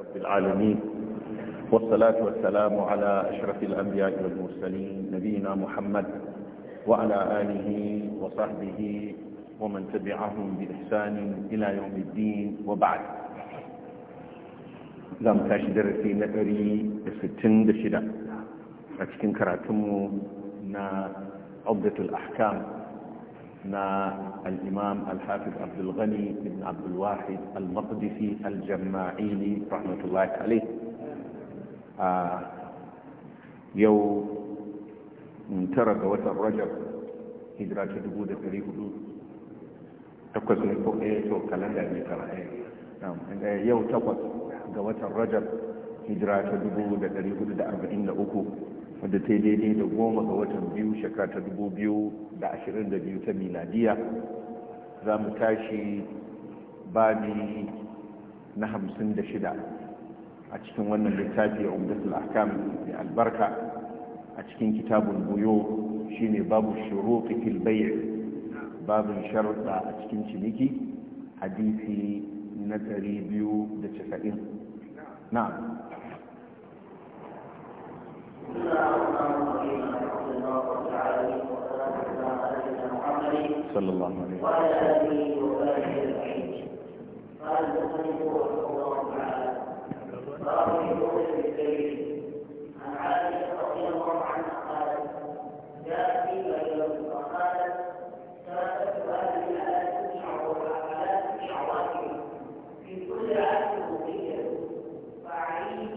رب العالمين والصلاة والسلام على أشرف الأنبياء والمرسلين نبينا محمد وعلى آله وصحبه ومن تبعهم بإحسان إلى يوم الدين وبعد لم تشدر في نأري ستين دشدا أتكن كراتمو نا عبدة الأحكام نا الإمام الحافظ عبد الغني بن عبد الواحد المقدسي الجماعيني رحمة الله عليه آه يو منترك وتر رجب هجرة تدبود تريه دود تقص فوق ايه تو كالندا ميتر ايه نعم يو تقص ga watan rajab hijira ta 1443 wadda ta yi daidai da goma ga watan biyu shekara dubu biyu da ashirin da biyu ta miladiya za mu tashi babi na hamsin da shida a cikin wannan littafi a umdatul da albarka a cikin kitabun buyo shine babu shuruqi fil bay' babin sharuɗa a cikin ciniki hadisi na 290 na'am صلى الله عليه وسلم قال المصنف رحمه الله تعالى باب في الكريم عن عائشه رضي الله عنها قالت جاءت في ليله فقالت ثلاثه اهل على شعواتهم في كل عهد مقيم فاعيد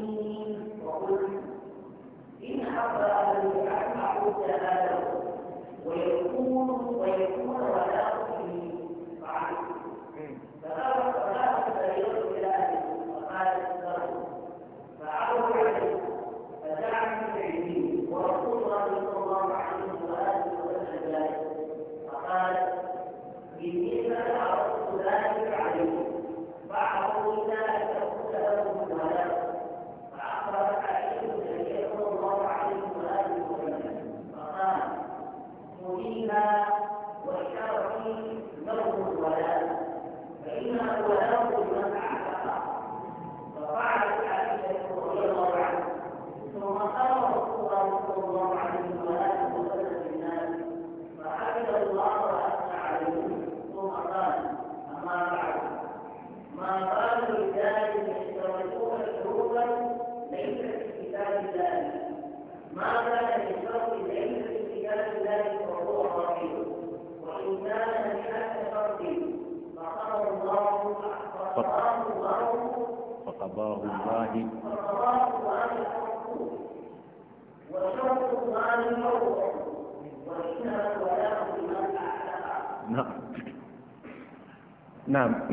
na'am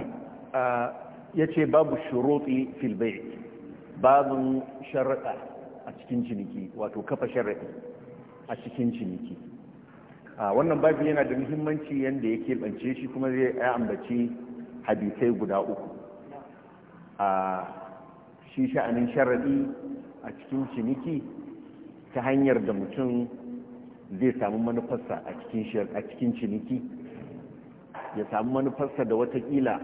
ce babu shuruti fil babin sharaɗa a cikin ciniki wato kafa sharaɗi a cikin ciniki wannan babu yana da muhimmanci yanda yake bance shi kuma zai ambaci hadisai guda uku a shi sha'anin sharaɗi a cikin ciniki ta hanyar da mutum zai samu manufarsa a cikin ciniki ya samu manufarsa da watakila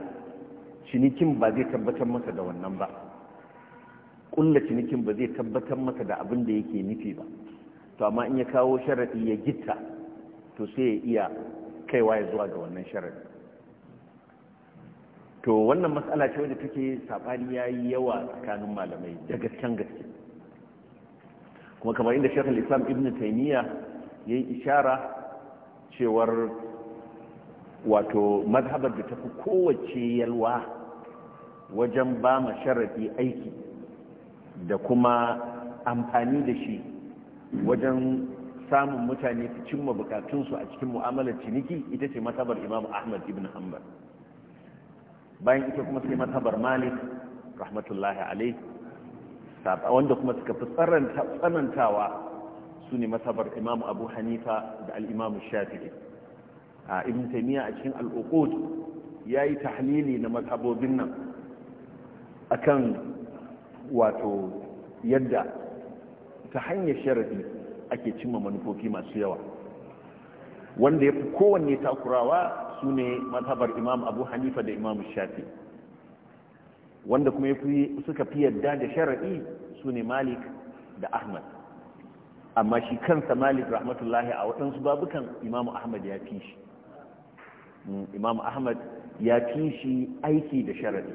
cinikin ba zai tabbatar masa da wannan ba kulla cinikin ba zai tabbatar masa da abin da yake nufi ba to amma in ya kawo sharaɗi ya gitta to sai ya iya kaiwa ya zuwa ga wannan sharaɗi to wannan matsala ce wadda take saɓani ya yi yawa tsakanin malamai da gasken gaske kuma kamar inda shekul islam ibn taimiyya ya yi ishara cewar wato mazhabar da tafi kowace yalwa wajen ba ma sharafi aiki da kuma amfani da shi wajen samun mutane su cimma bukatunsu a cikin mu'amalar ciniki ita ce mazhabar imam ahmad ibn hanbal bayan ita kuma sai mazhabar malik rahmatullahi alai wanda kuma suka fi tsanantawa su ne mazhabar imam abu hanifa da al'imamu shafi'i a ibn taymiya a cikin al-uqud yayi tahlili na mazhabobin nan akan wato yadda ta hanyar sharadi ake cimma manufofi masu yawa wanda ya fi kowanne takurawa su ne mazhabar imam abu hanifa da imam shafi wanda kuma suka fi yadda da sharaɗi su ne malik da ahmad amma shi kansa malik rahmatullahi a waɗansu babukan Imam ahmad ya fi shi imam ahmad ya fi shi aiki da sharadi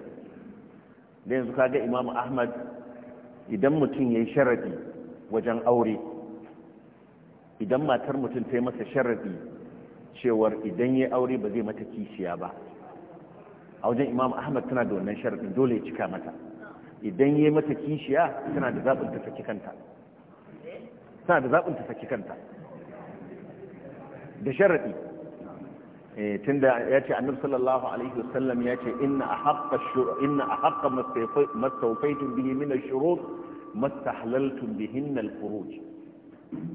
da yanzu kaga imam ahmad idan mutum ya yi sharadi wajen aure idan matar mutum ta yi masa sharadi cewar idan ya aure ba zai mata kishiya ba a wajen imam ahmad tana da wannan sharadin dole ya cika mata idan ya yi mata kishiya tana da zaɓin ta saki kanta tana da zaɓin ta saki kanta da sharadi Eh, tunda ya ce annabi sallallahu alaihi wasallam ya ce inna ahaqqa inna ahaqqa mastawfaytum bihi min shurut mastahlaltum bihinna al-furuj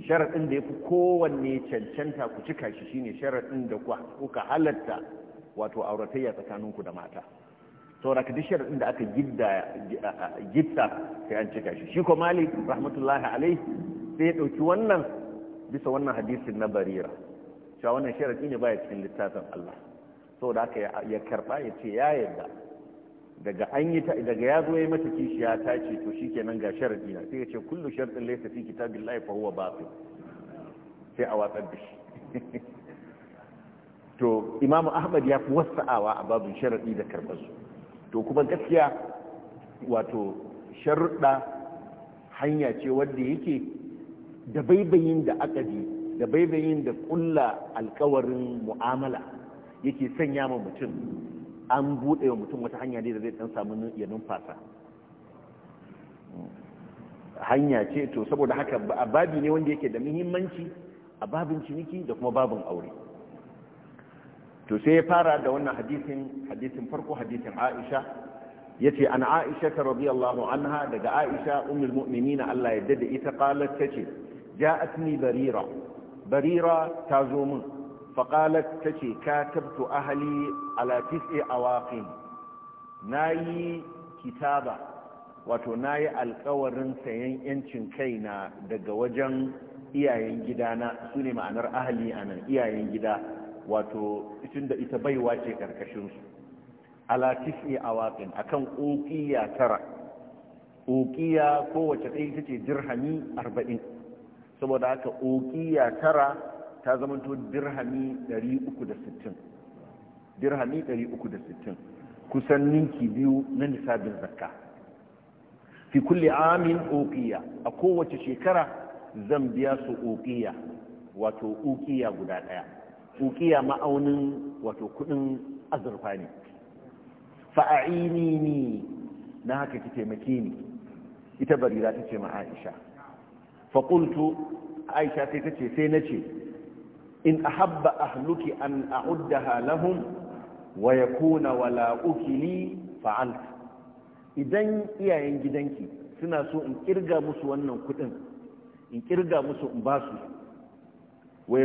sharadin da fi kowanne cancanta ku cika shi shine sharadin da kuka halatta wato auratayya tsakaninku da mata saura ka duk sharadin da aka gidda sai an cika shi shi ko malik rahmatullahi alaihi sai ya ɗauki wannan bisa wannan hadisin na barira cewa wannan sharaɗi ne baya cikin littafin Allah da haka ya karɓa ya ce ya yarda daga an yi daga ya zo ya mata kishiya ta ce to shi kenan ga sharaɗi na sai ya ce kullu sharɗin laysa fi kitabillahi fa huwa batil sai a watsar da shi to imamu ahmad ya fi wasa'awa a babin sharaɗi da karɓar su to kuma gaskiya wato sharuɗa hanya ce wadda yake da baibayin da aka da baibayin da kulla alkawarin mu'amala yake sanya ma mutum an buɗe wa mutum wata hanya ne da zai ɗan samu ya numfasa hanya ce to saboda haka babi ne wanda yake da muhimmanci a babin ciniki da kuma babin aure to sai ya fara da wannan hadisin hadisin farko hadisin Aisha yace an Aisha ta radiyallahu anha daga Aisha ummul mu'minin Allah ya dade ita qalat tace ja'atni barira barira ta zo min faƙalat ta ce ka tabtu ahali ala a na yi kitaba wato na yi alkawarin sayan yancin kaina daga wajen iyayen gidana su ne ma'anar ahali a nan iyayen gida wato cikin da ita baiwa ce ƙarƙashinsu a tis'i a kan ƙoƙiya tara ƙoƙiya kowace ɗaya ta ce dirhami arba'in saboda haka uqiya tara ta zamanto dirhami 360 dirhami 360 kusan ninki biyu na nisabin zakka fi kulli amin uqiya a kowace shekara zan biya su uqiya wato uqiya guda daya uqiya ma'aunin wato kudin azurfa ne fa'aini ni na haka ki taimake ni ita barira ta ce ma Aisha faƙultu aisha sai ta ce sai na ce in ahabba ahluki an a'uddaha lahum wa yakuna wala'uki li fa'alta idan iyayen gidanki suna so in kirga musu wannan kudin in kirga musu in ba su wa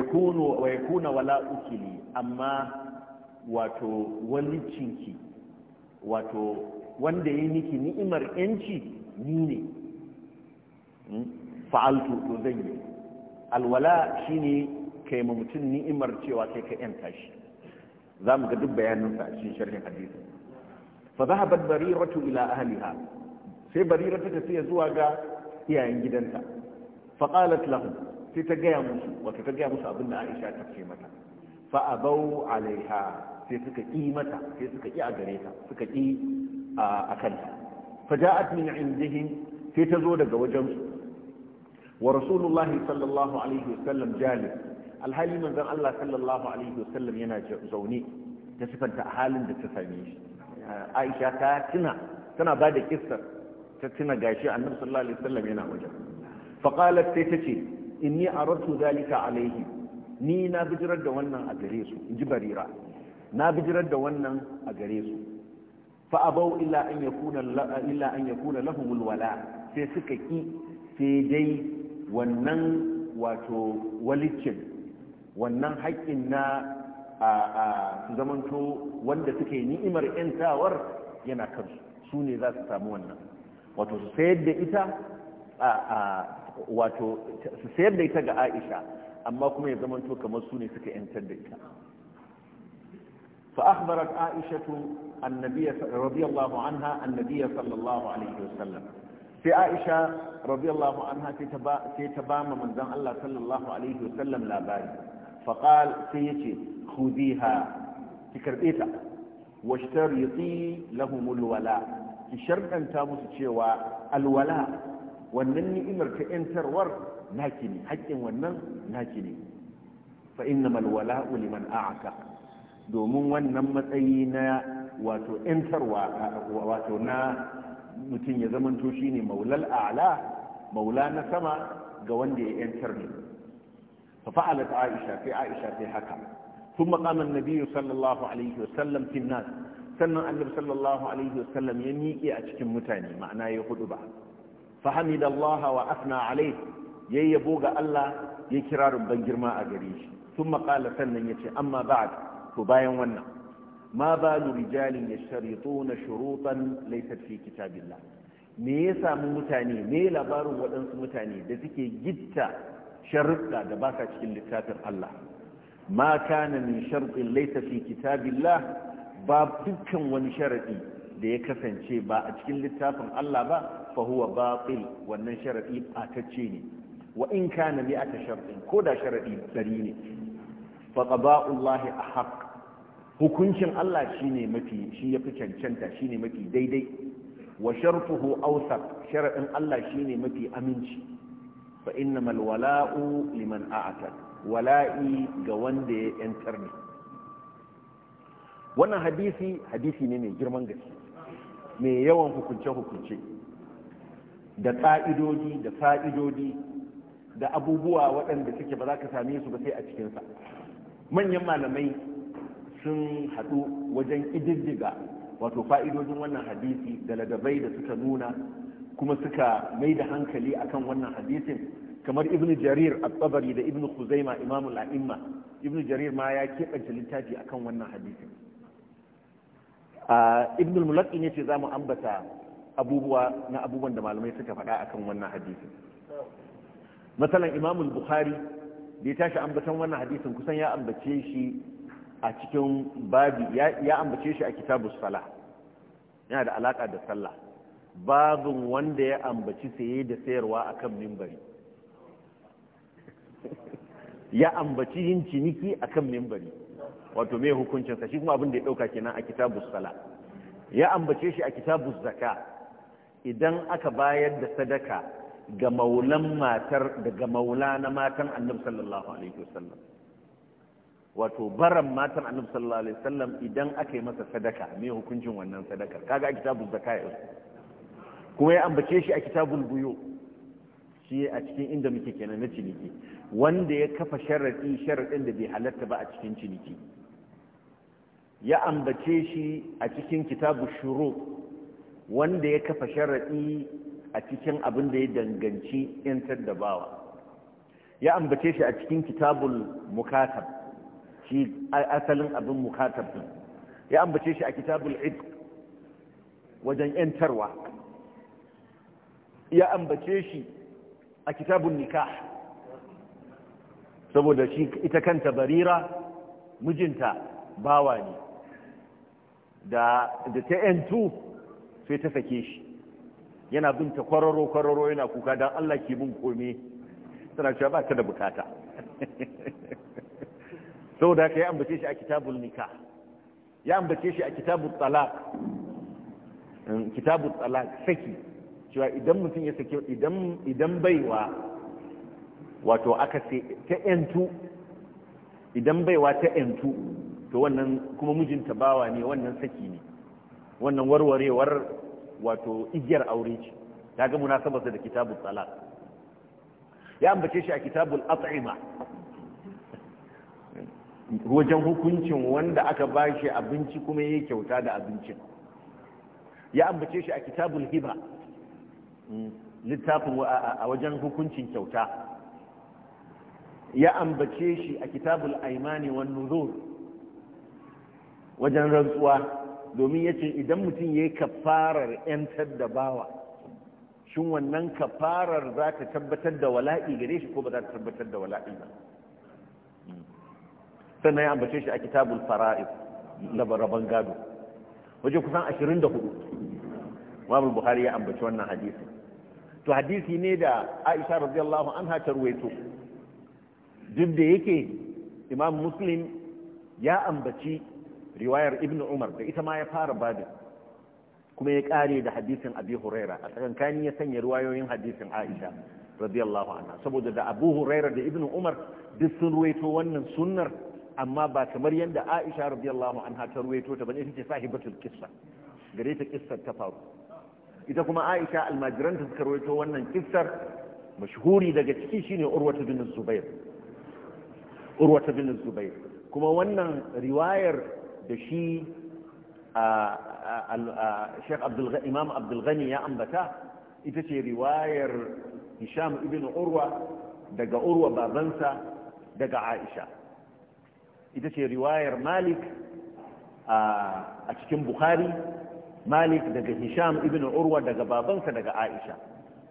yakuna wala ukili amma wato walicinki wato wanda ya yi miki ni'imar yanci ni ne fa'altu to zan yi alwala shine kai ma mutum ni'imar cewa kai ka yanta shi za mu ga duk bayaninsa a cikin sharhin hadisi fa zahabat bariratu ila ahliha sai barira ta sai zuwa ga iyayen gidanta fa qalat lahum sai ta gaya musu wato ta gaya musu abin da Aisha ta ce mata fa abau alaiha sai suka ki mata sai suka ki a gare ta suka ki a kanta fa ja'at min indihim sai ta zo daga wajen su wa rasulullahi sallallahu alaihi wasallam jalib alhali manzon Allah sallallahu alaihi wasallam yana zaune ta sifanta halin da ta same shi Aisha ta tuna tana ba da kissar ta tuna gashi annabi sallallahu alaihi wasallam yana wajen fa qalat sai tace inni aradtu zalika alaihi ni na bijirar da wannan a gare su inji barira na bijirar da wannan a gare su fa abau illa an yakuna illa an yakuna lahum alwala sai suka ki sai dai wannan wato walicin wannan haƙƙin na a zamanto wanda suke ni'imar 'yantawar yana kansu su ne za su samu wannan wato su sayar da ita a wato su sayar da ita ga aisha amma kuma ya zamanto kamar su ne suka 'yantar da ita فأخبرت عائشة النبي رضي الله عنها النبي صلى الله عليه وسلم sai aisha radiyallahu anha sai ta ba ma manzon Allah sallallahu alaihi wasallam labari faqal sai yace khudiha ki karbe ta washtariti lahum alwala ki sharɗanta musu cewa alwala wannan ni'imar ta yantarwar naki ne haƙƙin wannan naki ne fa innamal wala'u liman a'aka domin wannan matsayi na wato yantarwa wato na mutum ya zamanto ne maulal a'la maula na sama ga wanda ya yantar ne fa fa'alat aisha fi aisha fi haka thumma qama an sallallahu alaihi wasallam fi nas sannan annabi sallallahu alaihi wasallam ya miƙe a cikin mutane ma'ana ya hudu ba fa hamidallaha wa afna alaihi yayi yabo ga Allah ya kira ban girma a gare shi Sun qala sannan yace amma ba'd to bayan wannan ma balu rijalin yashtarituna shurutan laysat fi kitabillah me ya samu mutane me labarin waɗansu mutane da suke gitta sharuɗa da ba sa cikin littafin Allah ma kana min sharɗin laisa fi kitabillah ba dukkan wani sharaɗi da ya kasance ba a cikin littafin Allah ba fa huwa batil wannan sharaɗi ɓatacce ne wa in kana mi aka sharɗin ko da sharaɗi ɗari ne fa qada'ullahi ahaq hukuncin Allah ne mafi shi yafi cancanta ne mafi daidai wa shartuhu awsaq sharadin Allah shine mafi aminci fa innamal wala'u liman a'tad wala'i ga wanda ya yantar ne wannan hadisi hadisi ne mai girman gaske mai yawan hukunce hukunce da ƙa'idodi da fa'idodi da abubuwa waɗanda suke ba za ka same su ba sai a cikinsa manyan malamai sun haɗu wajen ƙididdiga wato fa'idojin wannan hadisi da ladabai da suka nuna kuma suka mai da hankali akan wannan hadisin kamar ibn jarir a tabari da ibn khuzaima imamul a'imma ibn jarir ma ya keɓance littafi akan wannan hadisin ibn al ya ce za mu ambata abubuwa na abubuwan da malamai suka faɗa akan wannan hadisin masalan imamul bukhari da ya tashi ambatan wannan hadisin kusan ya ambace shi a cikin babi ya ambace shi a kitabu sala yana da alaka da sallah babin wanda ya ambaci saye da sayarwa akan mimbari ya ambaci yin ciniki akan mimbari wato mai hukuncinsa shi kuma abin da ya dauka kenan a kitabu sala ya ambace shi a kitabu zaka idan aka bayar da sadaka ga maulan matar daga maula na matan annabi sallallahu alaihi wasallam wato baran matan annabi sallallahu alaihi wasallam idan aka yi masa sadaka me hukuncin wannan sadakar kaga a kitabul zakaya kuma ya ambace shi a kitabul buyu shi a cikin inda muke kenan na ciniki wanda ya kafa sharadi sharadin da bai halatta ba a cikin ciniki ya ambace shi a cikin kitabu shuru wanda ya kafa sharaɗi a cikin abin da ya danganci 'yantar da bawa ya ambace shi a cikin kitabul mukatab shi asalin abin mukatab din ya ambace shi a kitabul id wajen yantarwa ya ambace shi a kitabun nikah saboda shi ita kanta barira mijinta bawa ne da da ta yantu sai ta sake shi yana bin ta kwararo kwararo yana kuka don Allah ke bin kome tana cewa ba ta da bukata saboda haka ya ambace shi a kitabul Nika ya ambace shi a kitabul talaq kitabul talaq saki cewa idan mutum ya saki idan idan baiwa wato aka ce ta yantu idan baiwa ta yantu to wannan kuma mijinta bawa ne wannan saki ne wannan warwarewar wato igiyar aure ce ta ga munasabarsa da kitabul talaq ya ambace shi a kitabul at'ima wajen hukuncin wanda aka ba shi abinci kuma ya yi kyauta da abincin ya ambace shi a kitabul hiba mm, littafin a wajen hukuncin kyauta ya ambace shi a kitabul aimani wan nuzur wajen rantsuwa domin ya ce idan mutum ya yi kafarar 'yantar da bawa shin wannan kafarar za ta tabbatar da wala'i gare shi ko ba za ta tabbatar da wala'i ba sannan ya ambace shi a kitabul fara'id na rabon gado waje kusan 24 imam bukhari ya ambaci wannan hadisi to hadisi ne da aisha radiyallahu anha ta ruwaito duk da yake imam muslim ya ambaci riwayar ibn umar da ita ma ya fara babin kuma ya kare da hadisin abi huraira a tsakankani ya sanya riwayoyin hadisin aisha radiyallahu anha saboda da abu huraira da ibn umar duk sun ruwaito wannan sunnar amma ba kamar yadda Aisha radiyallahu anha ta ruwaito ta bane ita ce sahibatul qissa gare ta qissar ta faru ita kuma Aisha almajiran ta suka ruwaito wannan qissar mashhuri daga ciki shine Urwatu bin Zubair Urwatu bin Zubair kuma wannan riwayar da shi Sheikh Abdul Imam Abdul Ghani ya ambata ita ce riwayar Hisham ibn Urwa daga Urwa babansa daga Aisha ita ce riwayar malik a cikin bukhari malik daga hisham ibn urwa daga babansa daga aisha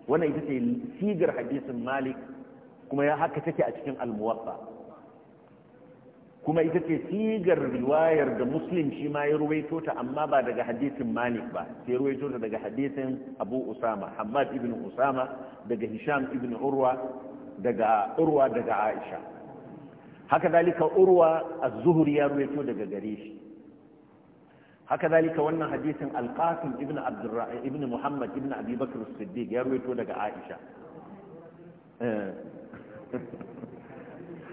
wannan ita ce sigar hadisin malik kuma ya haka take a cikin almuwatta kuma ita ce sigar riwayar da muslim shi ma ya ruwaito ta amma ba daga hadisin malik ba sai ruwaito ta daga hadisin abu usama hamad ibn usama daga hisham ibn urwa daga urwa daga aisha haka zalika urwa az-zuhri ya ruwaito daga gare shi haka zalika wannan hadisin al-qasim ibn abdurrahman ibn muhammad ibn abubakar bakr siddiq ya ruwaito daga aisha eh.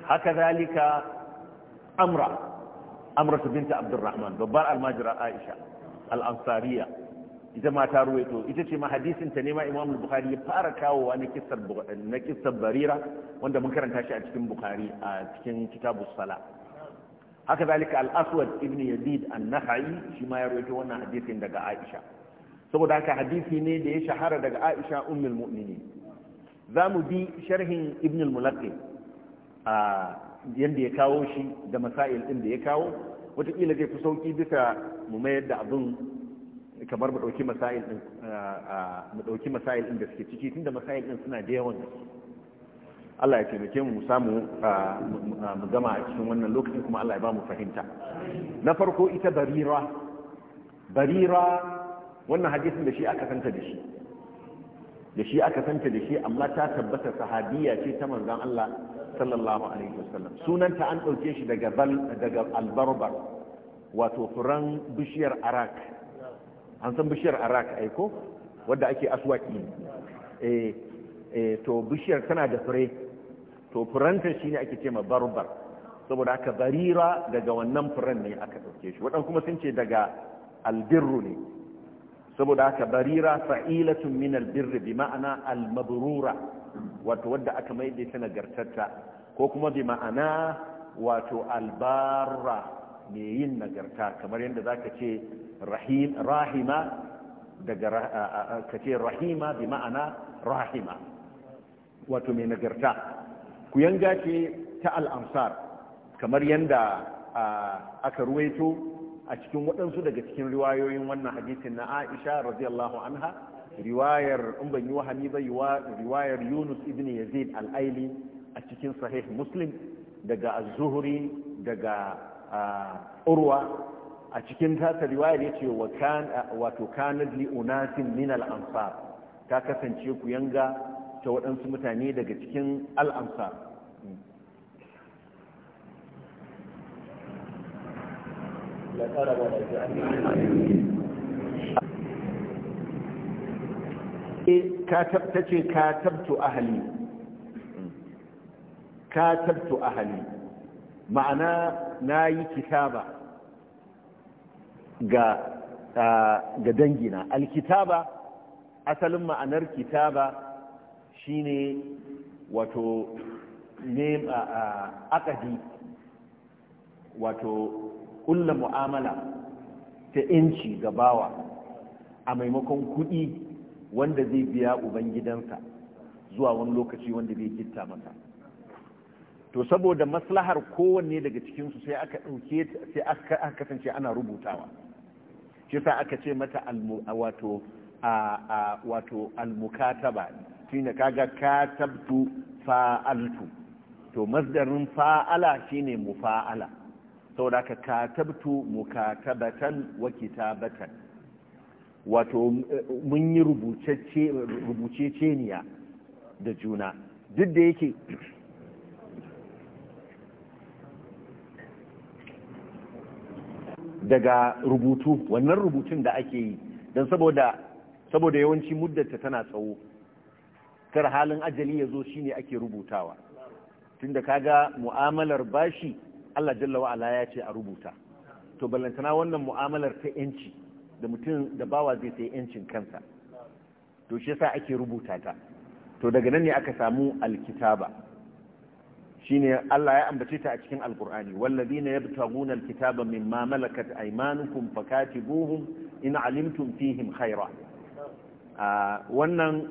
haka zalika amra amra binta abdurrahman babbar almajira aisha al-ansariya ita ma ta ruwaito ita ce ma hadisin ta nema Imam Bukhari ya fara kawowa na kissar na kissar Barira wanda mun karanta shi a cikin Bukhari a cikin Kitabus Sala haka zalika Al-Aswad ibn Yazid An-Nakhai shi ma ya ruwaito wannan hadisin daga Aisha saboda haka hadisi ne da ya shahara daga Aisha ummul mu'minin zamu bi sharhin Ibn al-Mulaqqi a yanda ya kawo shi da masail din da ya kawo wataƙila zai fi sauƙi bisa mu mayar da abin kamar mu ɗauki masail ɗin mu ɗauki masail ɗin da suke ciki tun da masail ɗin suna da yawan Allah ya taimake mu samu mu gama a cikin wannan lokacin kuma Allah ya ba mu fahimta na farko ita barira barira wannan hadisin da shi aka santa da shi da shi aka santa da shi amma ta tabbata sahabiya ce ta manzon Allah sallallahu alaihi wasallam sunanta an ɗauke shi daga daga albarbar wato furan bishiyar arak an san bishiyar arak aiko wadda ake aswaki E, e, to bishiyar tana da fure to furanta ne ake ce ma barbar saboda aka barira daga wannan furen ne aka dauke shi kuma sun ce daga albirru ne saboda aka barira fa'ilatun min albirri bi ma'ana almabrura wato wadda aka maida ta nagartarta ko kuma bi ma'ana wato albarra mai yin nagarta kamar yadda za ka ce rahima daga ka ce rahima bi ma'ana rahima wato mai nagarta ku yanga ce ta al'amsar kamar yadda aka ruwaito a cikin waɗansu daga cikin riwayoyin wannan hadisin na aisha radiyallahu anha riwayar in yi ba riwayar yunus ibn yazid al'aili a cikin sahih muslim daga az-zuhri daga urwa a cikin tasa riwayar ya ce wato kanar li'unatin min al'amsar ta kasance ku yanga ta waɗansu mutane daga cikin al'amsar eh, ta ce ka ahali ka ahali ma'ana na yi kitaba ga ga dangina alkitaba asalin ma'anar kitaba shine wato ne akadi wato kulla mu'amala ta inci ga bawa a maimakon kuɗi wanda zai biya ubangidansa zuwa wani lokaci wanda zai gitta masa to saboda maslahar kowanne daga cikinsu sai aka ɗauke sai aka kasance ana rubutawa shi sa aka ce mata wato wato almukataba shine kaga katabtu fa'altu to masdarin fa'ala shine mufa'ala saboda ka katabtu mukatabatan wa kitabatan wato mun yi rubuce rubuceceniya da juna duk da yake daga rubutu wannan rubutun da ake yi don saboda saboda yawanci muddata tana tsawo kar halin ajali ya zo shi ne ake rubutawa tunda kaga mu'amalar bashi Allah jalla wa'ala ya ce a rubuta to ballantana wannan mu'amalar ta yanci da mutum da bawa zai sai yancin kansa to shi yasa ake rubuta ta to daga nan ne aka samu alkitaba shine Allah ya ambace ta a cikin alkur'ani wallazina yabtaguna alkitaba mimma malakat aymanukum fakatibuhum in alimtum fihim khaira wannan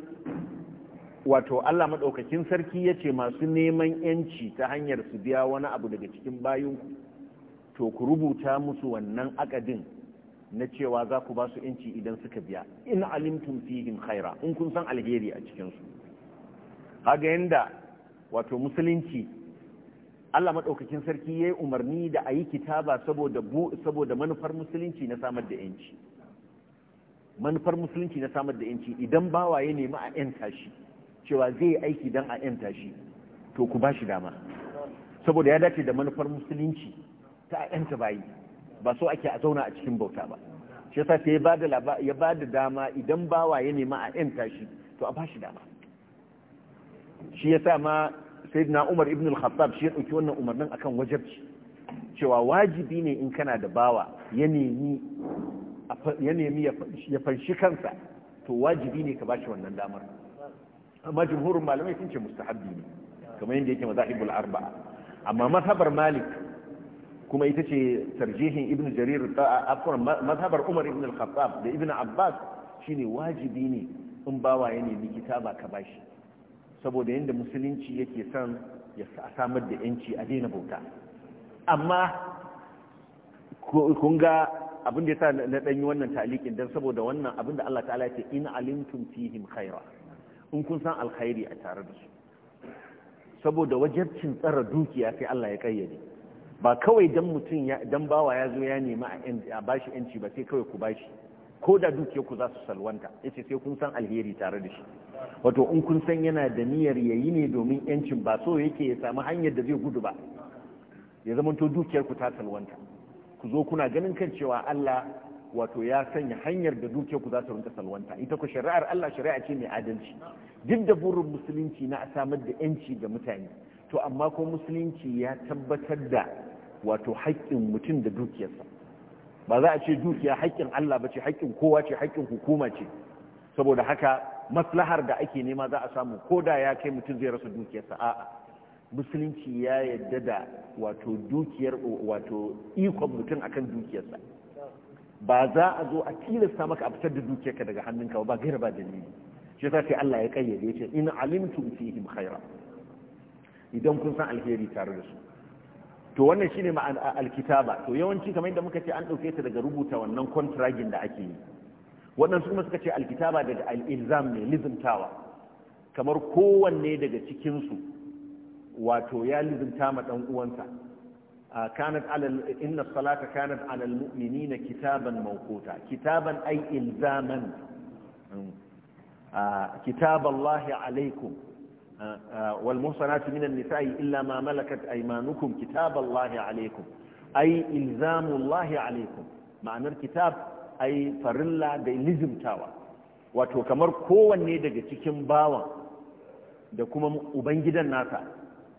wato Allah madaukakin sarki yace masu neman yanci ta hanyar su biya wani abu daga cikin bayinku to ku rubuta musu wannan akadin na cewa za ku ba su yanci idan suka biya in alimtum fihim khaira in kun san alheri a cikinsu kaga yanda wato musulunci Allah maɗaukakin sarki ya yi umarni da a yi kitaba saboda manufar musulunci na samar da yanci manufar musulunci na samar da yanci idan bawa ya nemi a yanta shi cewa zai yi aiki don a yanta shi to ku ba shi dama saboda ya dace da manufar musulunci ta a yanta bayi ba so ake a zauna a cikin bauta ba shi yasa sai ya ba da dama idan bawa ya nemi a yanta shi to a ba shi dama shi yasa ma Sai na Umar ibn al-Khattab shi ya ɗauki wannan umarnin akan wajabci cewa wajibi ne in kana da bawa ya nemi ya nemi fanshi kansa to wajibi ne ka bashi wannan damar amma jumhurin malamai sun ce mustahabbi ne kamar yadda yake mazahibul arba'a amma mazhabar Malik kuma ita ce tarjihin ibn jarir afwan mazhabar umar ibn al-khattab da ibn abbas shine wajibi ne in bawa ya nemi kitaba ka bashi saboda yadda musulunci yake son ya samar da yanci a daina bauta amma kun ga abin da ya sa na ɗanyi wannan talikin don saboda wannan abin da Allah ta'ala ce in alimtum fihim khaira in kun san alkhairi a tare da su saboda wajabcin tsara dukiya sai Allah ya kayyade ba kawai dan mutum dan bawa ya zo ya nemi a bashi yanci ba sai kawai ku bashi ko da dukiyarku ku za su salwanta yace sai kun san alheri tare da shi wato in kun san yana da niyyar yayi ne domin yancin ba so yake ya samu hanyar da zai gudu ba ya zama to dukiyar ku ta salwanta ku zo kuna ganin kan cewa Allah wato ya sanya hanyar da dukiyar ku za ta rinka salwanta ita ku shari'ar Allah shari'a ce mai adalci duk da burin musulunci na samar da yanci ga mutane to amma ko musulunci ya tabbatar da wato haƙƙin mutum da dukiyarsa ba za a ce dukiya haƙƙin Allah ba ce haƙƙin kowa ce haƙƙin hukuma ce saboda haka maslahar da ake nema za a samu ko da ya kai mutum zai rasa dukiyarsa a'a musulunci ya yadda da wato dukiyar wato ikon mutum akan dukiyarsa ba za a zo a tilasta maka a fitar da dukiyarka daga hannunka ba gaira ba dalili shi yasa sai Allah ya kayyade ce in alimtum fihim khaira idan kun san alheri tare da su to wannan shine ma'ana alkitaba to yawanci kamar yadda muka ce an dauke ta daga rubuta wannan contragin da ake yi wannan su kuma suka ce alkitaba daga al-ilzam ne lizimtawa kamar kowanne daga cikin su wato ya lizimta ma dan uwansa kanat alal inna salata kanat alal mu'minina kitaban mawquta kitaban ay ilzaman kitab Allah alaikum wal muhsanatu minan nisa'i illa ma malakat aymanukum kitaballahi alaikum ai ilzamullahi alaikum ma'anar kitab ai farilla da lizimtawa wato kamar kowanne daga cikin bawan da kuma ubangidan nasa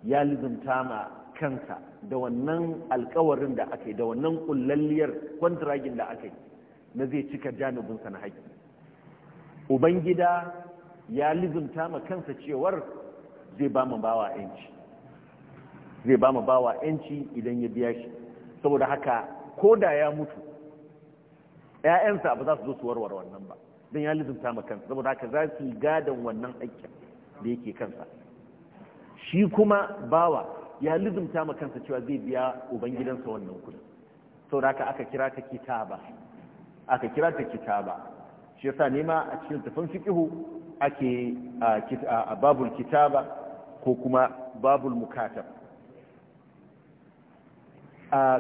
ya lizimta ma kansa da wannan alkawarin da aka yi da wannan kullalliyar kwantiragin da aka yi na zai cika janibinsa na haƙƙi ubangida ya lizimta ma kansa cewar zai ba mu bawa yanci yanci idan ya biya shi saboda haka ko da ya mutu ‘ya'yansa ba za su zo su warware wannan ba don ya lizinta ma kansa saboda haka za su yi gadon wannan aikin da yake kansa shi kuma bawa ya lizinta ma kansa cewa zai biya ubangidansa wannan kudi saboda haka aka kira ta kitaba aka kira ta kitaba shi yasa nema a cikin tafin fiƙihu ake a babul kitaba ko kuma babul mukatab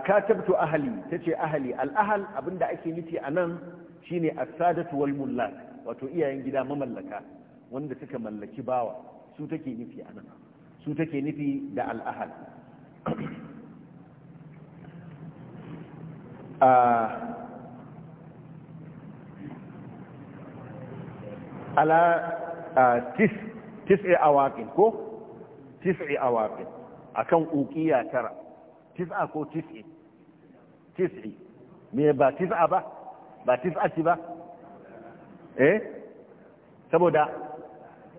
katabtu ahali tace ahali al ahl abinda ake nufi anan shine as-sadatu wal mullat wato iyayen gida mamallaka wanda suka mallaki bawa su take nufi anan su take nufi da al a ala tis tis'i e awaqin ko tis'i awaqin akan uqiya tara tis'a ko tis'i tis'i me ba tis'a ba ba tis'a ci ba eh saboda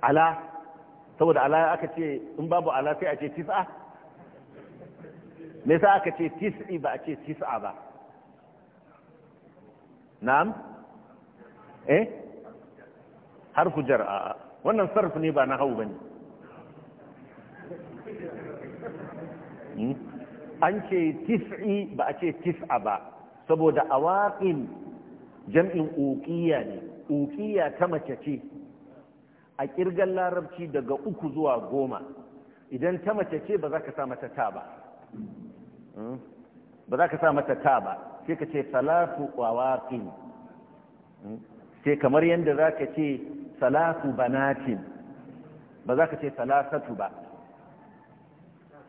ala saboda ala aka ce in babu ala sai a ce tis'a me sa aka ce tis'i ba a ce tis'a ba na'am eh harfu jar'a wannan sarf ne ba na hau bane Hmm? an ce tif'i ba a ce tif'a ba saboda awaƙin jam'in uƙiya ne uƙiya ta mace ce a ƙirgar larabci daga uku zuwa goma idan ta mace ce ba za ka sa mata ta ba hmm? ba za ka sa mata ta ba sai ka ce salatu awaƙin hmm? sai kamar yadda za ka ce salatu banatin ba za ka ce salasatu ba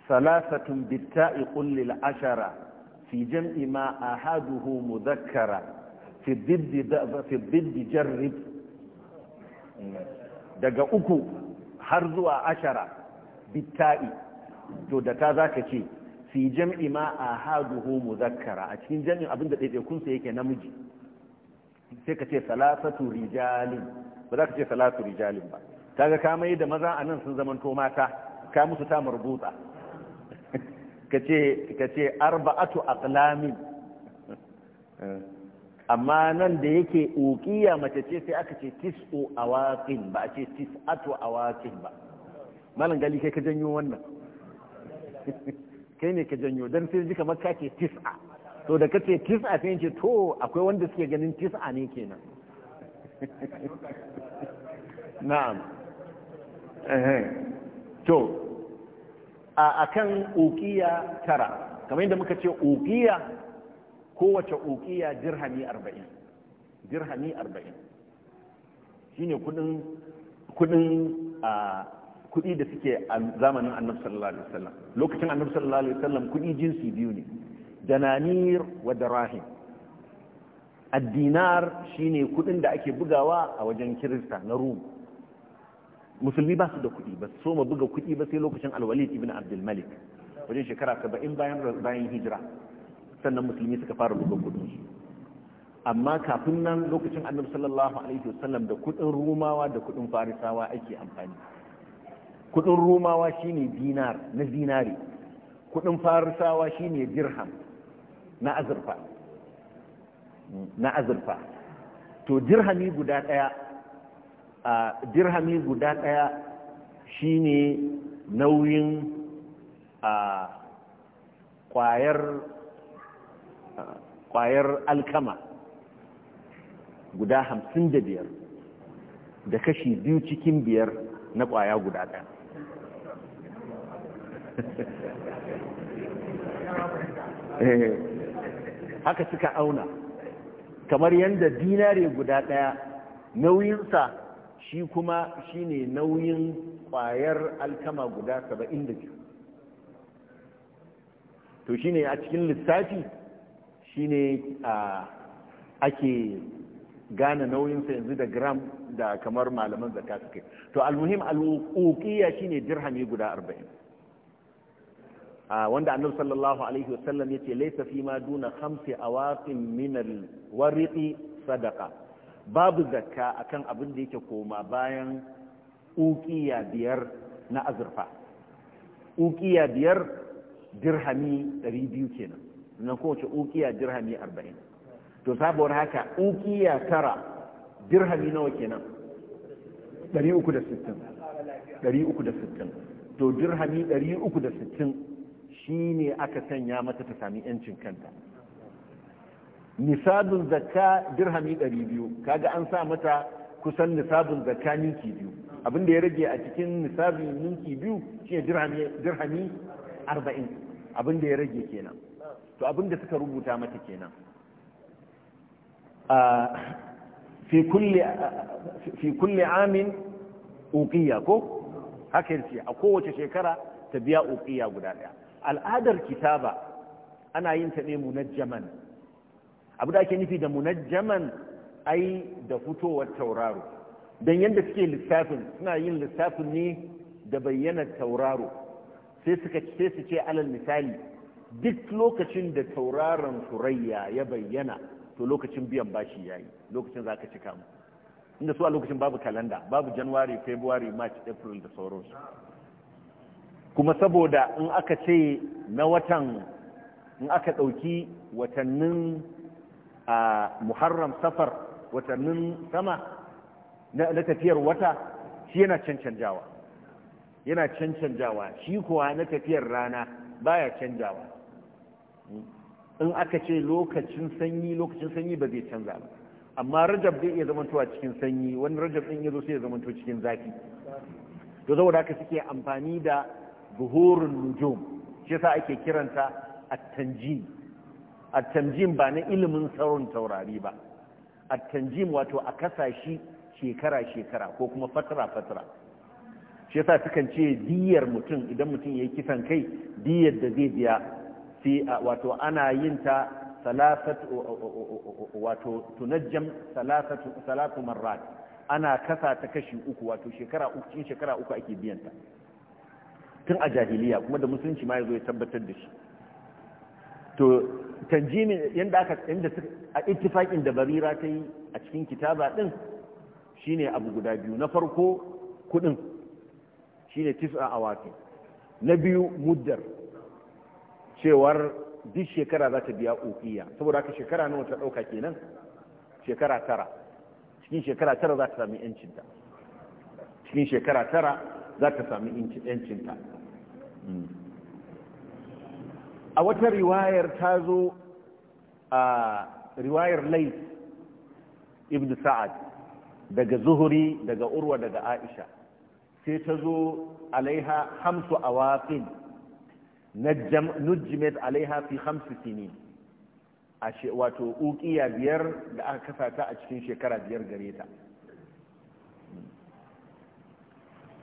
salasatun bitta'i kullil ashara fi jam'i ma ahaduhu mudhakkara fi diddi jarrib daga uku har zuwa ashara bitta'i to da ta zaka ce fi jam'i ma ahaduhu mudhakkara a cikin jam'in abinda ɗaiɗaikunsa yake namiji sai ka ce salasatu rijalin ba za ka ce salatu rijalin ba kaga ka mai da maza a nan sun zamanto mata ka musu ta marbuta ka ce arba'atu aqlami amma nan da yake uqiya mace ce sai aka ce tis'u awaqin ba a ce tis'atu awaqin ba malam gali kai ka janyo wannan kai ne ka janyo dan sai ji kamar ka ce tis'a to da kace tis'a sai ce to akwai wanda suke ganin tis'a ne kenan na'am to a kan ukiya tara kamar yadda muka ce ukiya kowace ukiya dirhami arba'in dirhami arba'in shi ne kudin a kudi da suke a zamanin annabi sallallahu alaihi wasallam lokacin annabi sallallahu alaihi wasallam kudi jinsi biyu ne dananir wa darahim addinar shine kudin da ake bugawa a wajen kirista na rumu musulmi ba su da kuɗi ba su soma buga kuɗi ba sai lokacin alwalid ibn abdul malik wajen shekara saba'in bayan bayan hijira sannan musulmi suka fara buga kuɗi amma kafin nan lokacin annabi sallallahu alaihi wasallam da kuɗin rumawa da kuɗin farisawa ake amfani kuɗin rumawa shine dinar na dinari kuɗin farisawa shine dirham na azurfa na azurfa to dirhami guda ɗaya a dirhami guda ɗaya shine nauyin a kwayar alkama guda hamsin da biyar da kashi biyu cikin biyar na kwaya guda ɗaya eh, haka suka auna kamar yadda dinare guda ɗaya nauyinsa shi kuma shi ne nauyin kwayar alkama guda saba'in da biyu to ne a cikin lissafi shi ne ake gane nauyinsa yanzu da gram da kamar malaman zakka suke to almuhim Al-huqqiyya al'uqiyya shine dirhami guda 40 wanda annabi sallallahu alaihi wasallam yace laysa fi ma duna khamsi awaqin min alwariqi sadaqa babu zakka akan abin da yake koma bayan ukiya biyar na azurfa ukiya biyar dirhami 200 kenan nan kowace ukiya dirhami 40 to sabuwar haka ukiya tara dirhami nawa kenan 360 360 to dirhami 360 shine aka sanya mata ta sami yancin kanta nisabin zakka dirhami 200 kaga an sa mata kusan nisabin zakka ninki biyu abin da ya rage a cikin nisabin ninki biyu shine dirhami dirhami 40 abin da ya rage kenan to abin da suka rubuta mata kenan fi kulli fi kulli amin uqiya ko haka yace a kowace shekara ta biya uqiya guda daya al'adar kitaba ana yin ta ne munajjaman abu da ake nufi da munajjaman ai da fitowar tauraro don yadda suke lissafin suna yin lissafin ne da bayyana tauraro sai suka sai su ce alal misali duk lokacin da tauraron surayya ya bayyana to lokacin biyan bashi yayi lokacin zaka cika mu inda su a lokacin babu kalanda babu january february march april da sauransu kuma saboda in aka ce na watan in aka ɗauki watannin a muharram safar watannin sama na tafiyar wata shi yana cancanjawa yana cancanjawa shi kuwa na tafiyar rana baya canjawa in aka ce lokacin sanyi lokacin sanyi ba zai canza ba amma rajab zai iya zamantowa cikin sanyi wani rajab din ya zo sai ya zamanto cikin zafi to saboda haka suke amfani da buhurun nujum shi yasa ake kiranta at-tanjim at-tanjim ba na ilimin sauran taurari ba at-tanjim wato a kasashi shekara shekara ko kuma fatara fatara shiyasa yasa sukan ce diyar mutum idan mutum yayi kisan kai diyar da zai biya sai wato ana yin ta salasat wato tunajjam salasatu salatu ana kasa ta kashi uku wato shekara shekara uku ake biyan ta tun a jahiliya kuma da musulunci ma ya zo ya tabbatar da shi to tanjimin yadda aka yadda a ittifaƙin da barira ta yi a cikin kitaba ɗin shine abu guda biyu na farko kuɗin shine tis'a awati na biyu muddar cewar duk shekara za ta biya ukiya saboda haka shekara nawa ta ɗauka kenan shekara tara cikin shekara tara za ta sami ta cikin shekara tara za ta sami yancinta a wata riwayar ta zo a riwayar lai ibn sa'ad daga zuhuri daga urwa daga aisha sai ta zo alaiha hamsu a awaqin nujjimet alaiha fi hamsu sinin wato ukiya biyar da aka kasa ta a cikin shekara biyar gare ta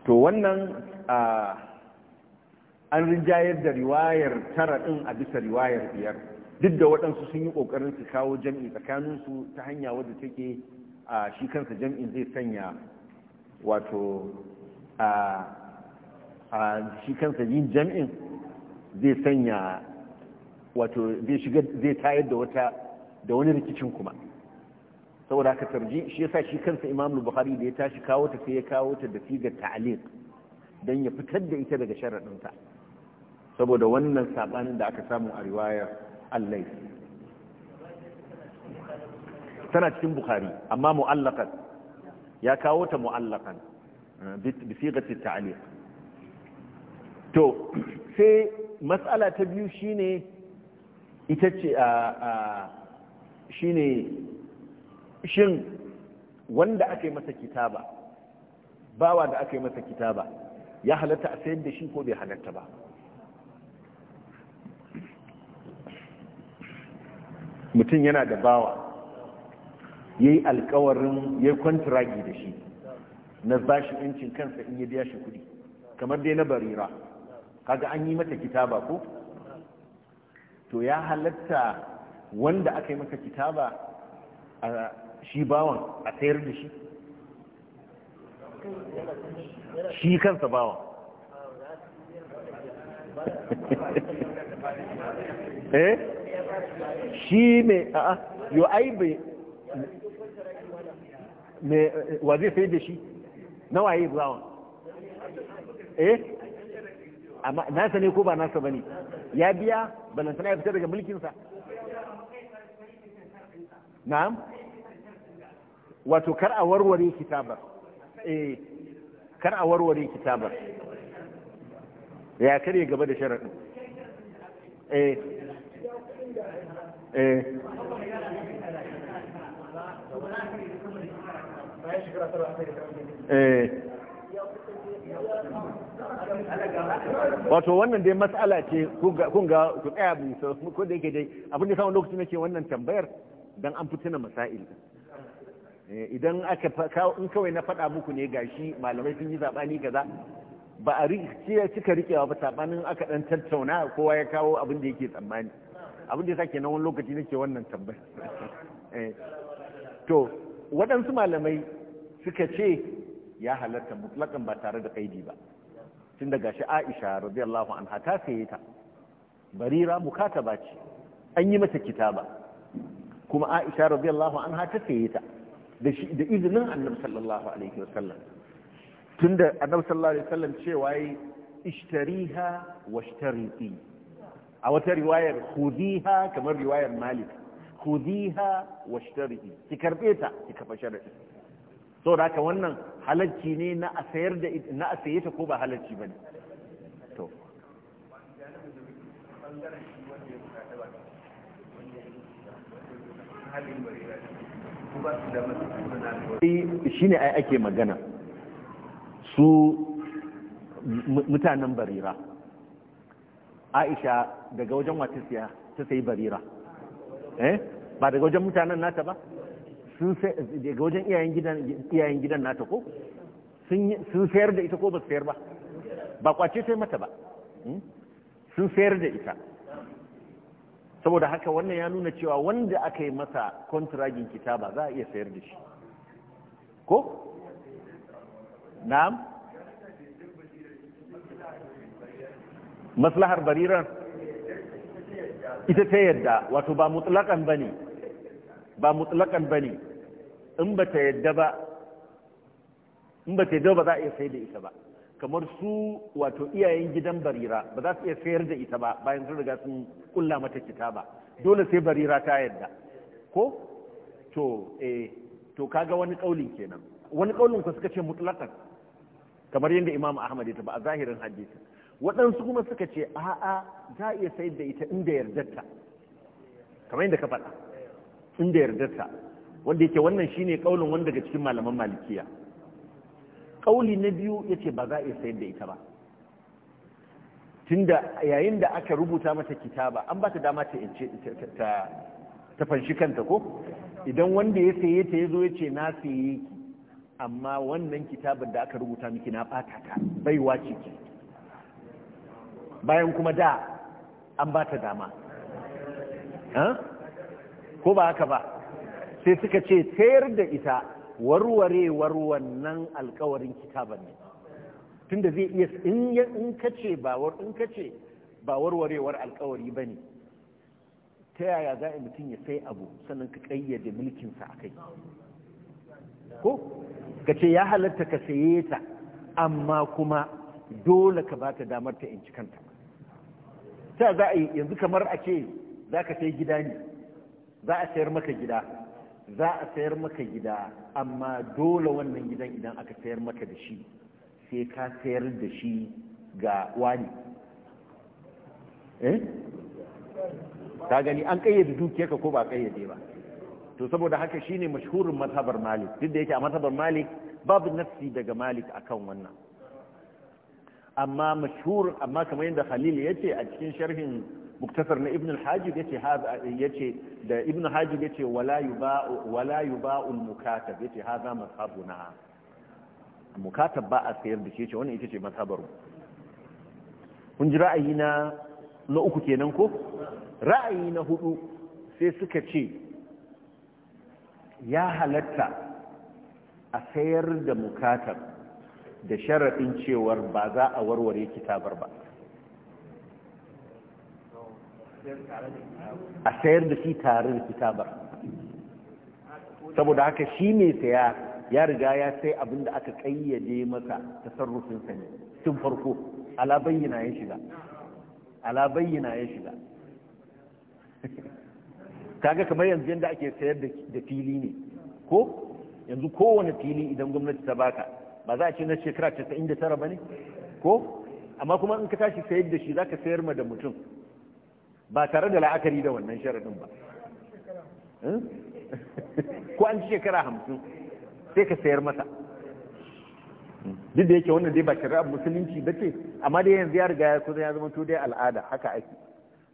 to wannan a an rinjayar da riwayar tara ɗin a bisa riwayar biyar duk da waɗansu sun yi ƙoƙarin su kawo jam'i tsakaninsu ta hanya wadda take a shi kansa jam'in zai sanya wato a shi kansa yin jam'in zai sanya wato zai shiga zai tayar da wata da wani rikicin kuma saboda haka tarji shi yasa shi kansa imam buhari da ya tashi kawo ta sai ya kawo ta da sigar ta'aliq don ya fitar da ita daga sharaɗinta saboda wannan sabanin da aka samu a riwayar allai tana cikin bukhari amma mu'allakan ya kawo ta mu'allakan eh, bisigati ta'liq to sai matsala ta biyu shine ita ce a shine shin wanda aka yi masa kitaba bawa da aka yi masa kitaba ya halatta a sayar da shi ko bai halatta ba mutum yana da bawa ya yi alkawarin ya yi kwantiragi da shi na ba shi yancin kansa in ya biya shi kudi kamar dai na barira kaga an yi mata kitaba ko to ya halatta wanda aka yi masa kitaba a shi bawan a sayar da shi shi kansa bawan eh shi mai a'a yo ai bai wa zai sai da shi na waye zuwa eh amma nasa ne ko ba nasa bane ya biya balantana ya fita daga mulkinsa na'am wato kar a warware kitabar eh kar a warware kitabar ya kare gaba da sharaɗin eh Eh. Eh. wato wannan dai matsala ce kun ga ku tsaya mu ko da yake dai abin da samun lokacin nake wannan tambayar dan an fitina masail eh, idan aka in kawai na faɗa muku ne gashi malamai sun yi zaɓani kaza ba a cika rikewa ba saɓanin aka ɗan tattauna kowa ya kawo abin da yake tsammani abin da ya sake na wani lokaci nake wannan tambaya eh, to waɗansu malamai suka ce ya halatta mutlakan ba tare da kaidi ba tun daga shi aisha radiyallahu anha ta saye ta barira ba ce an yi mata kitaba kuma aisha radiyallahu anha ta saye ta da izinin annabi sallallahu alaihi wasallam tun da annabi sallallahu alaihi wasallam cewa yi ishtariha washtariqi a wata riwayar hudiha kamar riwayar malik hudiha wa shtari'i ki karbe ta ki kafa sharadi so da wannan halacci ne na a sayar da na a saye ta ko ba halacci bane to ne ai ake magana su mutanen barira aisha daga wajen wata siya ta sayi barira eh ba daga wajen mutanen nata ba sun daga wajen iyayen gidan nata ko sun sayar da ita ko ba su sayar ba ba kwace sai mata ba hmm? sun sayar da ita saboda haka wannan ya nuna cewa wanda aka yi masa kontragin kitaba za a iya sayar da shi ko na'am maslahar barirar ita ta yadda wato ba mutlakan ba ba mutlakan ba in ba ta yadda ba in ba ta yadda ba za a iya sai da ita ba kamar su wato iyayen gidan barira ba za su iya sayar da ita ba bayan sun riga sun kulla mata kita ba dole sai barira ta yadda ko to eh to kaga wani kaulin kenan wani kaulin ku suka ce mutlaqan kamar yadda Imam Ahmad ya taba a zahirin hadisi waɗansu kuma suka ce a'a za a iya sayar da ita inda yardarta kamar yadda ka faɗa inda yardarta wanda yake wannan shine kaulin wanda daga cikin malaman malikiya kauli na biyu ya ce ba za a iya sayar da ita ba tunda yayin da aka rubuta mata kitaba an ba ta dama ta ta fanshi kanta ko idan wanda ya saye ta yazo ce na saye ki amma wannan kitabar da aka rubuta miki na bata ta baiwa ce ki bayan kuma da an ba ta dama ko ba haka ba sai suka ce tayar da ita warwarewar wannan alkawarin kitaban ne tunda zai iya in kace ba ba warwarewar alkawari ba ne ta yaya za a mutum ya sai abu sannan ka ƙayyade mulkinsa a kai ko ka ce ya halatta ka saye ta amma kuma dole ka ba ta damar ta inci kanta ta za a yi yanzu kamar a ce za ka sai gida ne za a sayar maka gida za a sayar maka gida amma dole wannan gidan idan aka sayar maka da shi sai ka sayar da shi ga wani eh ta gani an kayyade ka ko ba kayyade ba to saboda haka shine mashhurin mazhabar malik duk da yake a mazhabar malik babu nafsi daga malik akan wannan amma mashhur amma kamar yadda Khalil yace a cikin sharhin muktasar na Ibn al-Hajib yace yace da Ibn al-Hajib yace wala yuba wala yuba al-mukatab yace hadha mazhabuna mukatab ba a sayar da shi yace wannan ita ce mazhabaru kun ji ra'ayi na na uku kenan ko ra'ayi na hudu sai suka ce ya halatta a sayar da mukatab da sharaɗin cewar ba za a warware kitabar ba a sayar da shi tare da kitabar saboda haka shi ne saya ya riga ya sai abin da aka kayyade masa tasarrufinsa ne tun farko ala ya shiga ala ya shiga kaga kamar yanzu yadda ake sayar da fili ne ko yanzu kowane fili idan gwamnati ta baka ba za a ce na shekara da tara ba ne ko amma kuma in ka tashi sayar da shi za ka sayar ma da mutum ba tare da la'akari da wannan sharaɗin ba hmm? ko an ci shekara hamsin sai ka sayar masa hmm. duk da yake wannan dai ba shari'ar musulunci ba ce amma dai yanzu ya riga ya kusa ya zama to dai al'ada haka ake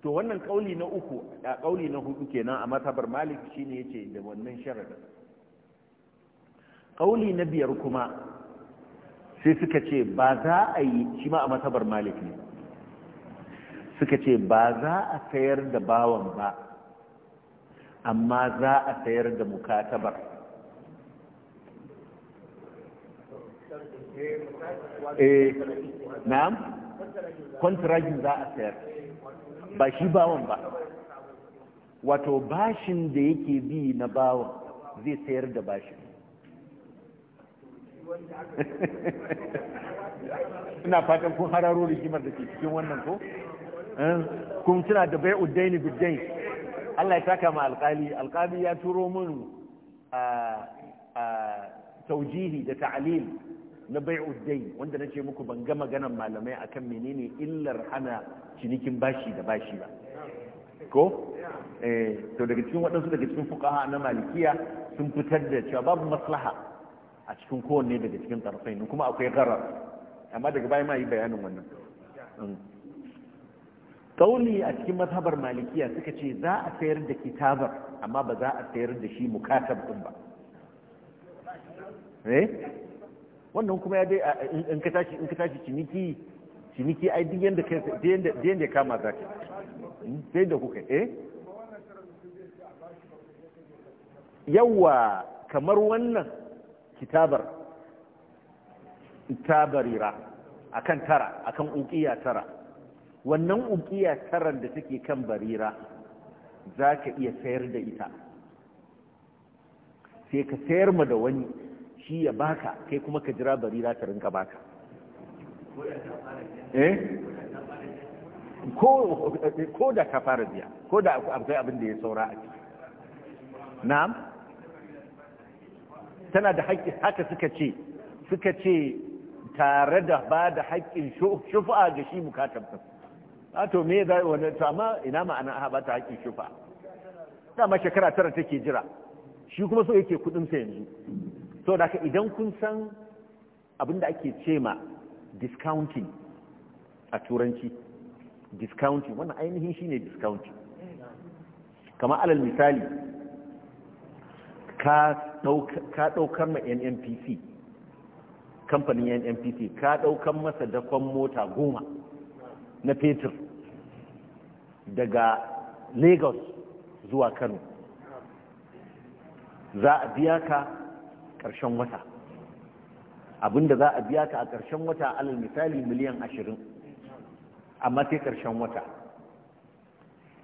to wannan kauli na uku a kauli na hudu kenan a matabar malik shine yace da wannan sharaɗin kauli na biyar kuma sai suka ce ba za a yi shi ma a matabar malik ne suka ce ba za a sayar da bawan ba amma za a sayar da mukatabar eh na'am kontragin za a sayar ba shi bawan ba wato bashin da yake bi na bawan zai sayar da bashin ina fatan kun hararo rigimar da ke cikin wannan ko eh, kun tuna da bai uddaini bidai Allah ya taka ma alƙali alkali ya turo mun taujihi da ta'alil na bai uddai wanda na ce muku ban ga maganan malamai akan menene illar hana cinikin bashi da bashi ba ko eh to daga cikin waɗansu daga cikin fuqaha na malikiya sun fitar da cewa babu maslaha a cikin kowanne daga cikin tarfain kuma akwai gharar amma daga baya ma yi bayanin wannan mm. kauli a cikin mazhabar malikiya suka ce za a sayar da kitabar amma ba za a sayar da shi mukatab din ba eh wannan kuma ya dai in ka tashi in ka tashi ciniki ciniki ai duk yanda ka yanda yanda kama za ka sai mm, da kuka eh yawa kamar wannan kitabar tabarira akan tara akan uqiya tara wannan uqiya taran da take kan barira zaka iya sayar da ita sai ka sayar ma da wani shi ya baka kai kuma ka jira barira ta rinka baka eh ko da ka fara biya ko da akwai abin da ya saura a ciki na'am tana da haƙƙi haka suka ce suka ce tare da ba da haƙƙin shufa ga shi bukatar ta a to me za wani to amma ina ma'ana a ba ta haƙƙin shufa dama shekara tara take jira shi kuma so yake kuɗin sa yanzu so da idan kun san abinda ake ce ma discounting a turanci discounting wannan ainihin shine discounting kamar alal misali ka ɗaukar ma nnpc kamfanin nnpc ka ɗaukar masa dakon mota goma na fetur daga lagos zuwa kano za a biya ka ƙarshen wata abinda za a biya ka a ƙarshen wata alal misali miliyan ashirin amma sai ƙarshen wata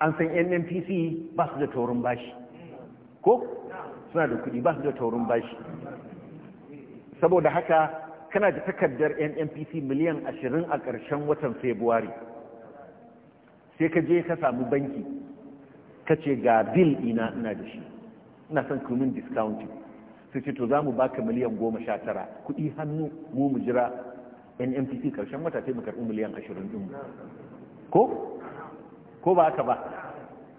an san nnpc ba su da taurin bashi ko suna da kuɗi ba su da taurin bashi saboda haka kana da takardar nnpc miliyan ashirin a ƙarshen watan february sai ka je ka samu banki ka ce ga bil ina ina da shi ina son kumin discounting sai ce to za mu baka miliyan goma sha kuɗi hannu mu mu jira nnpc ƙarshen wata sai mu karɓi miliyan ashirin ɗin ko ko ba haka ba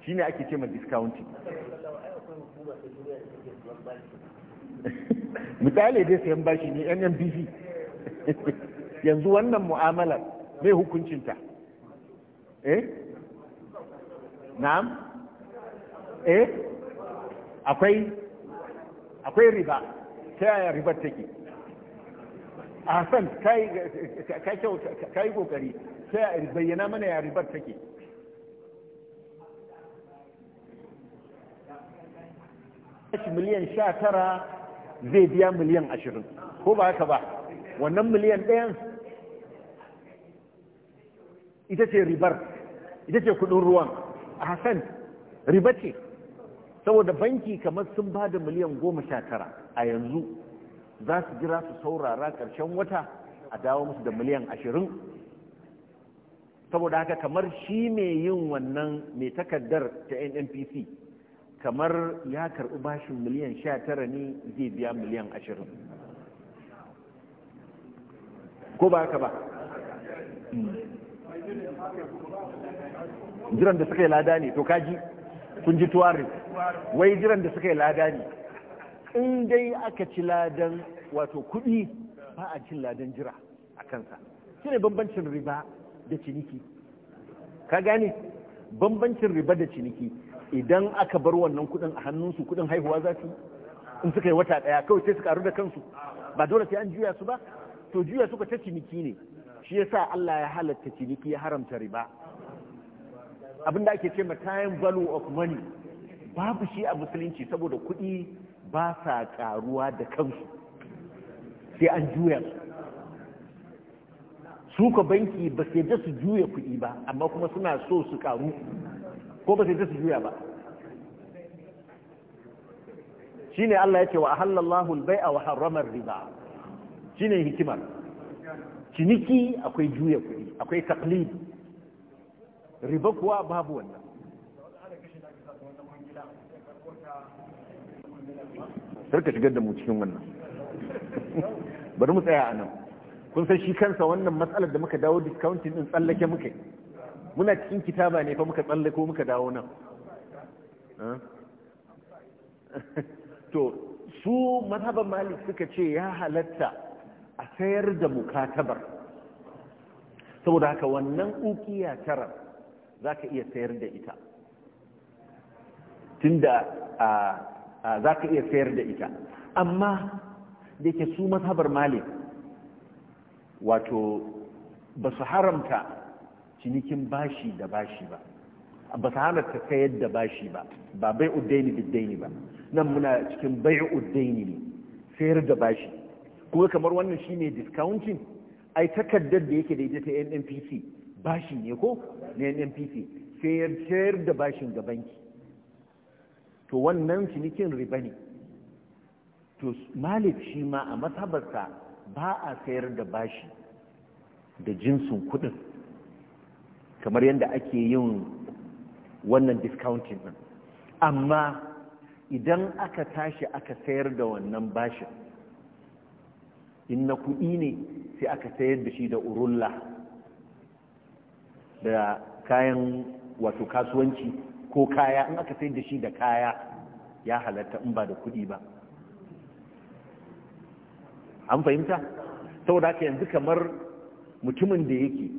shi ne ake ce ma discounting misali dai sayan bashi ne nnpc yanzu wannan mu'amalar mai hukuncinta eh na'am eh akwai akwai riba ta yaya ribar take a san kai kai kokari sai bayyana mana ya ribar take bashi miliyan sha tara zai biya miliyan ashirin ko ba haka ba wannan miliyan ɗayan ita ce ribar ita ce kudin ruwan a hassan riba ce saboda banki kamar sun ba da miliyan goma sha tara a yanzu za su jira su saurara ƙarshen wata a dawo musu da miliyan ashirin saboda haka kamar shi mai yin wannan mai takardar ta nnpc kamar ya karɓi bashin miliyan sha tara ne zai biya miliyan ashirin ko ba haka ba hmm. jiran da suka yi lada ne to kaji kun ji tuwarin wai jiran da suka yi lada ne in dai aka ci ladan wato kuɗi ba a cin ladan jira a kansa shi ne bambancin riba da ciniki ka gane bambancin riba da ciniki idan aka bar wannan kudin a hannunsu kudin haihuwa za su in suka yi wata daya kawai sai su karu da kansu ba dole sai an juya su ba to juya suka ta ciniki ne shi ya sa Allah ya halatta ciniki ya haramta riba abinda ake ce ma time value of money babu shi a musulunci saboda kuɗi ba sa karuwa da kansu sai an juya su ka banki ba sai da su juya kuɗi ba amma kuma suna so su karu ko ba sai ta su juya ba shine Allah ya ce wa ahallallahu al-bai'a wa harrama riba shine hikimar ciniki akwai juya kuɗi akwai taqlid riba kuwa babu wannan sarka shigar da mu cikin wannan bari mu tsaya a nan kun san shi kansa wannan matsalar da muka dawo discounting din tsallake muka yi muna cikin kitaba ne fa muka tsallako muka dawo nan to su mazhaban malik suka ce ya halatta a sayar da mukatabar saboda haka wannan ukiya tara za ka iya sayar da ita tunda za ka iya sayar da ita amma da ke su mazhabar malik wato ba su haramta cinikin bashi da bashi ba ba ta halatta sayar da bashi ba ba bai uddaini biddaini ba nan muna cikin bai uddaini ne sayar da bashi kuma kamar wannan shine discounting ai takardar da yake da ta NNPC bashi ne ko na NNPC sayar da bashin ga banki to wannan cinikin riba ne to malik shi ma a matabarsa ba a sayar da bashi da jinsin kuɗin. kamar yadda ake yin wannan discounting ɗin amma idan aka tashi aka sayar da wannan bashin in na kuɗi ne sai aka sayar da shi da urulla da kayan wato kasuwanci ko kaya in aka sayar da shi da kaya ya halatta in ba da kuɗi ba an fahimta saboda haka yanzu kamar mutumin da yake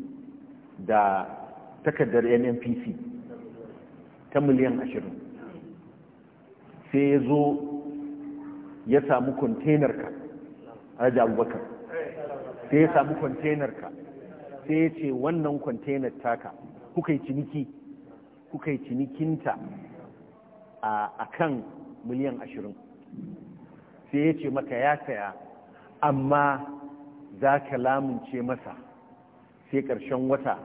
da takardar nnpc ta miliyan ashirin sai ya zo ya samu kwantenarka raja abubakar sai ya samu kwantenarka sai ya ce wannan kwantenar taka kuka yi ciniki kuka yi cinikinta a kan miliyan ashirin sai ya ce maka ya saya amma za ka lamunce masa sai ƙarshen wata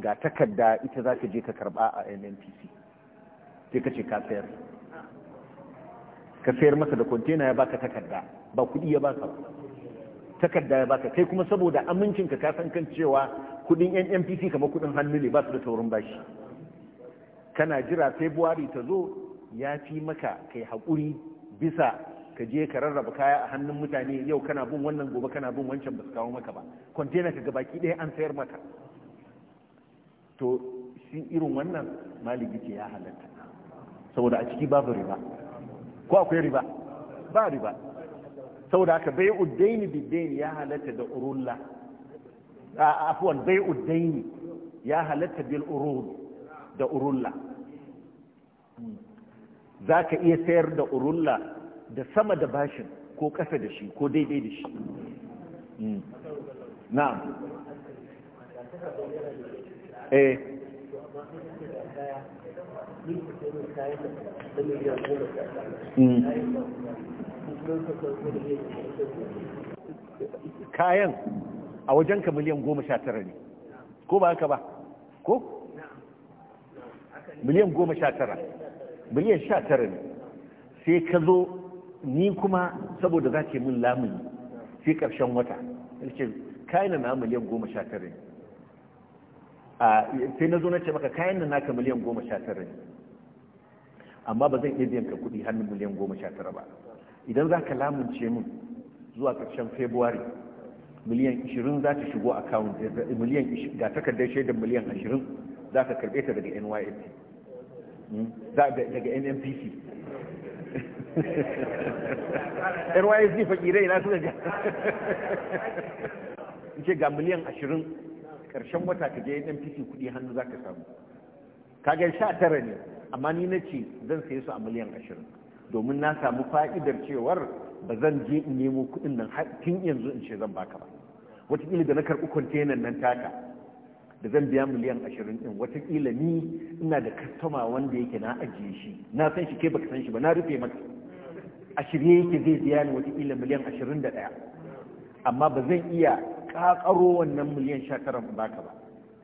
ga takarda ita za ka je ka karba a nnpc sai ka ce ka sayar ka sayar masa da kwantena ya baka takarda ba kuɗi ya baka takarda ya baka kai kuma saboda amincin ka san kan cewa kuɗin nnpc kama kuɗin hannu ne ba su da taurin bashi kana jira february ta zo ya fi maka kai haƙuri bisa ka je ka rarraba kaya a hannun mutane yau kana bin wannan gobe kana bin wancan ba su kawo maka ba kwantena ka gabaki ɗaya an sayar maka to shi irin wannan maliki ce ya halatta saboda a ciki babu riba ko akwai riba ba riba saboda haka bai uddaini biddaini ya halatta da urulla a afuwan bai uddaini ya halatta bil urul da urulla za ka iya sayar da urulla da sama da bashin ko ƙasa da shi ko daidai da shi hmm. na'am eh hmm. kayan a wajen ka miliyan goma sha tara ne ko ba haka ba ko? miliyan goma sha tara miliyan sha tara ne sai ka zo ni kuma saboda za ke min lamuni sai ƙarshen wata ce kayan na miliyan goma sha tara ne sai na zo na ce maka kayan nan naka miliyan goma sha tara ne amma ba zan iya biyan ka kuɗi hannun miliyan goma sha tara ba idan za ka lamunce min zuwa ƙarshen february miliyan 20 za ta shigo account miliyan ga takardar shaidar miliyan 20 za ka karbe ta daga nysc hmm? daga nnpc nysc fakirai na suka ga ce ga miliyan 20 ƙarshen wata ka je ɗan fifi kuɗi hannu za ka samu kaga sha tara ne amma ni na ce zan saye su a miliyan ashirin domin na samu fa'idar cewar ba zan je in nemo kuɗin nan tun yanzu in ce zan baka ba wataƙila da na karɓi kwantenan nan taka da zan biya miliyan ashirin ɗin wataƙila ni ina da kastoma wanda yake na ajiye shi na san shi ke baka san shi ba na rufe maka a shirye yake zai biya ni wataƙila miliyan ashirin da ɗaya amma ba zan iya ƙaƙaro wannan miliyan sha tara ba ka ba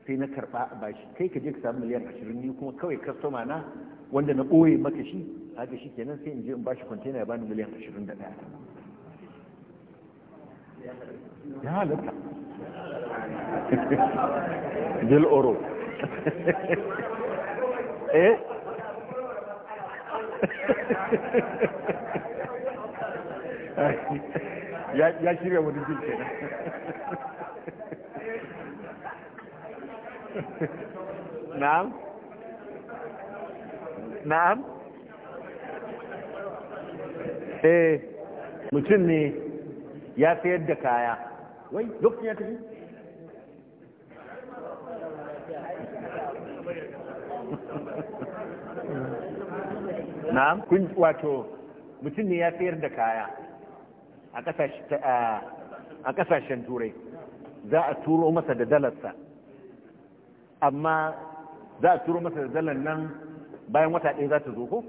sai na karɓa a bashi kai ka je ka samu miliyan ashirin ni kuma kawai kastoma na wanda na ɓoye maka shi haka shi kenan sai in je in bashi kwantena ya bani miliyan ashirin da ɗaya ya halatta bil oro eh ya shirya wani jin kenan na'am na'am eh mutum ne ya sayar da kaya wai lokacin ya tafi na'am kun wato mutum ne ya sayar da kaya a kasashen turai za a turo masa da dalarsa amma za a turo masa da dalar nan bayan wata ɗaya za ta zo ko?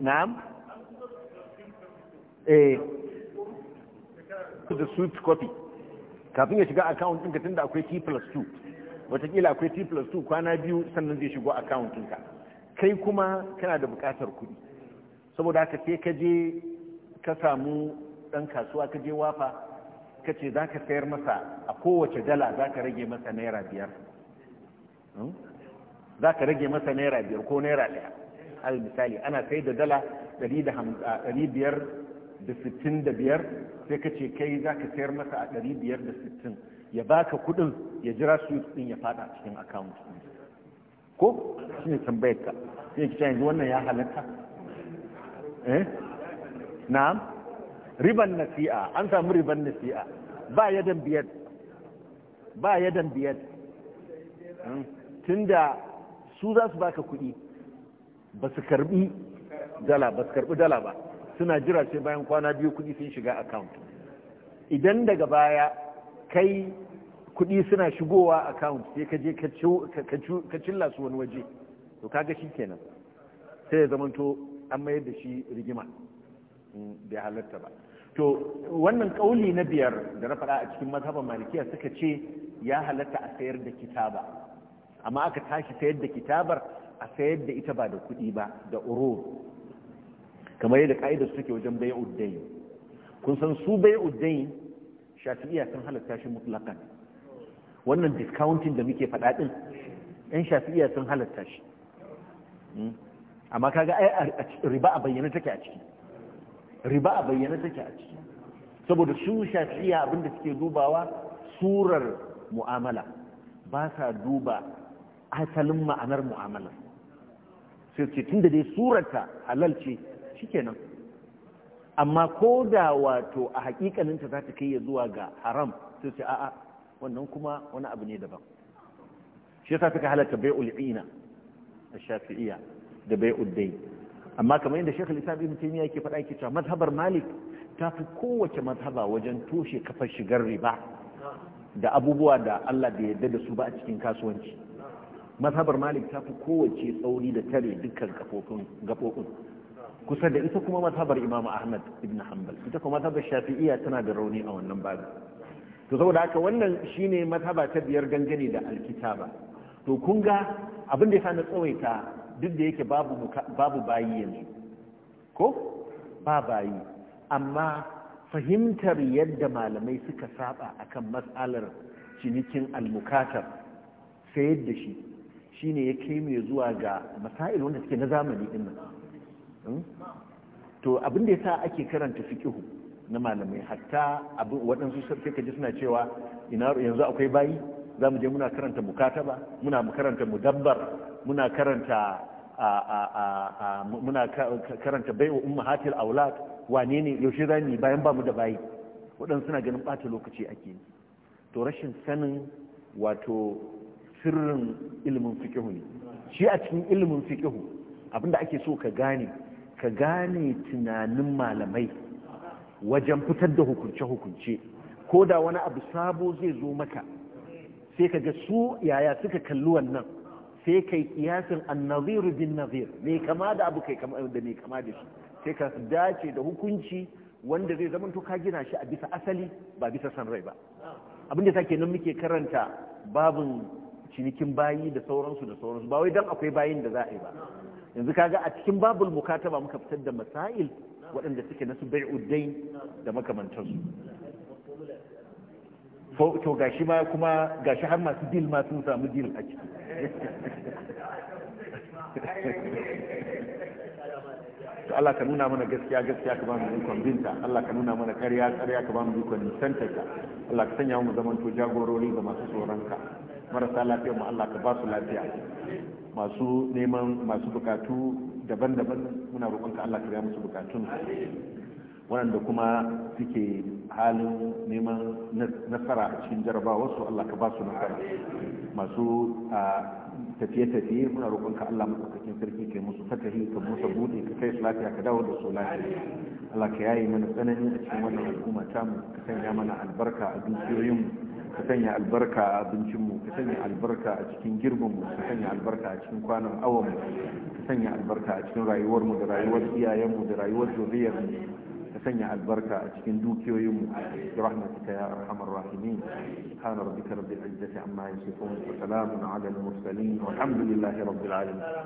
na'am? eh da swift copy kafin ya shiga account ɗinka da akwai t plus 2 watakila akwai t plus 2 kwana biyu sannan zai shigo account ɗinka kai kuma kana da buƙatar kuɗi saboda haka sai ka je ka samu ɗan kasuwa ka je wafa ka ce za ka sayar masa a kowace dala za ka rage masa naira biyar hmm? za ka rage masa naira biyar ko naira ɗaya al misali ana sai da dala ɗari biyar da sittin da biyar sai ka ce kai za ka sayar masa a ɗari biyar da sittin ya baka kuɗin ya jira su ɗin ya fada cikin akawunt ko shi ne tambayar ka sai ki yanzu wannan ya halatta eh na riban nasi'a an samu riban nasi'a ba ya dan biyar ba ya dan biyar hmm. tunda su za su baka kudi ba su karbi dala ba su karbi dala ba suna jira sai bayan kwana biyu kudi sun shiga account idan daga baya kai kudi suna shigowa account sai ka je ka cilla su wani waje to kaga shi kenan sai ya zamanto an mayar da shi rigima bai halarta ba to wannan kauli na biyar da na faɗa a cikin mazhaban malikiya suka ce ya halatta a sayar da kitaba amma aka tashi sayar da kitabar a sayar da ita ba da kuɗi ba da urur kamar yadda ka'idar suke wajen bai uddai kun san su bai uddai shafi'iya sun halatta shi mutlakan wannan discounting da muke faɗa ɗin yan shafi'iya sun halatta shi hmm? amma kaga ai riba a bayyana take a ciki riba a bayyana take a ciki saboda su shafiya abinda suke dubawa surar mu'amala ba sa duba asalin ma'anar mu'amala sai ce da dai surarta halal ce shikenan amma ko da wato a hakikaninta za ta kai ya zuwa ga haram sai ce a'a wannan kuma wani abu ne daban shi yasa suka halatta bai'ul ina a shafi'iyya da bai'ud dai. amma kamar yadda shekul islam ibn taymiya yake faɗa yake cewa mazhabar malik ta fi kowace mazhaba wajen toshe kafar shigar riba da abubuwa da Allah da yadda da su ba a cikin kasuwanci mazhabar malik ta fi kowace tsauri da tare dukkan gaɓoɓin kusa da ita kuma mazhabar imam ahmad ibn hanbal ita kuma mazhabar shafi'iyya tana da rauni a wannan babu to saboda haka wannan shine mazhaba ta biyar gangane da alkitaba to kun ga abin da ya na tsawaita duk da yake babu bayi yanzu ko ba bayi amma fahimtar yadda malamai suka saba akan matsalar cinikin almukatar sayar da shi shi ne ya kai mai zuwa ga masail wanda suke na zamani din nan hmm? to abin da sa ake karanta fiƙihu na malamai hatta abin waɗansu sai ji suna cewa ina yanzu akwai bayi za mu je muna karanta mukataba muna karanta mudabbar muna karanta muna karanta baiwa hatil aulad wane ne yaushe za mu bayan ba mu da bayi waɗansu suna ganin ɓata lokaci ake yi to rashin sanin wato sirrin ilimin fikihu ne shi a cikin ilimin fikihu abinda ake so ka gane ka gane tunanin malamai wajen fitar da hukunce-hukunce ko da wani abu sabo zai zo maka sai ka ga su yaya suka kalli wannan sai kai kiyasin annaziru bin nazir me kama da abu kai kama da mai kama da shi sai ka dace da hukunci wanda zai zama to ka gina shi a bisa asali ba bisa san rai ba abinda ta kenan muke karanta babin cinikin bayi da sauransu da sauransu ba wai dan akwai bayin da za a yi ba yanzu kaga a cikin babul mukataba muka fitar da masail waɗanda suke na su bai'uddain da makamantansu to gashi ma kuma gashi har masu dil ma sun samu dil a ciki Allah ka nuna mana gaskiya gaskiya ka ba mu ikon binta Allah ka nuna mana ƙarya ƙarya ka ba mu ikon nisanta ka Allah ka sanya mu zaman to jagorori ga masu tsoron ka marasa lafiya mu Allah ka ba su lafiya masu neman masu bukatu daban-daban muna roƙonka Allah ka ga musu bukatun waɗanda kuma suke halin neman nasara a cikin jarabawa su Allah ka ba su nasara masu tafiye-tafiye muna roƙonka Allah matsaukakin sarki kai musu fatahi ka musa bude ka kai su lafiya ka dawo da su lafiya Allah ka yayi mana tsanani a cikin wannan al'umma ta mu ka sanya mana albarka a dukiyoyin mu ka sanya albarka a abincin mu ka sanya albarka a cikin girbin mu ka sanya albarka a cikin kwanan awon mu ka sanya albarka a cikin rayuwar mu da rayuwar iyayen mu da rayuwar zuriyar mu sanya albarka a cikin dukiyoyinmu bi rahmatika ya arhamar rahimin subhana rabbika rabbil izzati amma yasifun wa salamun ala al mursalin walhamdulillahi rabbil alamin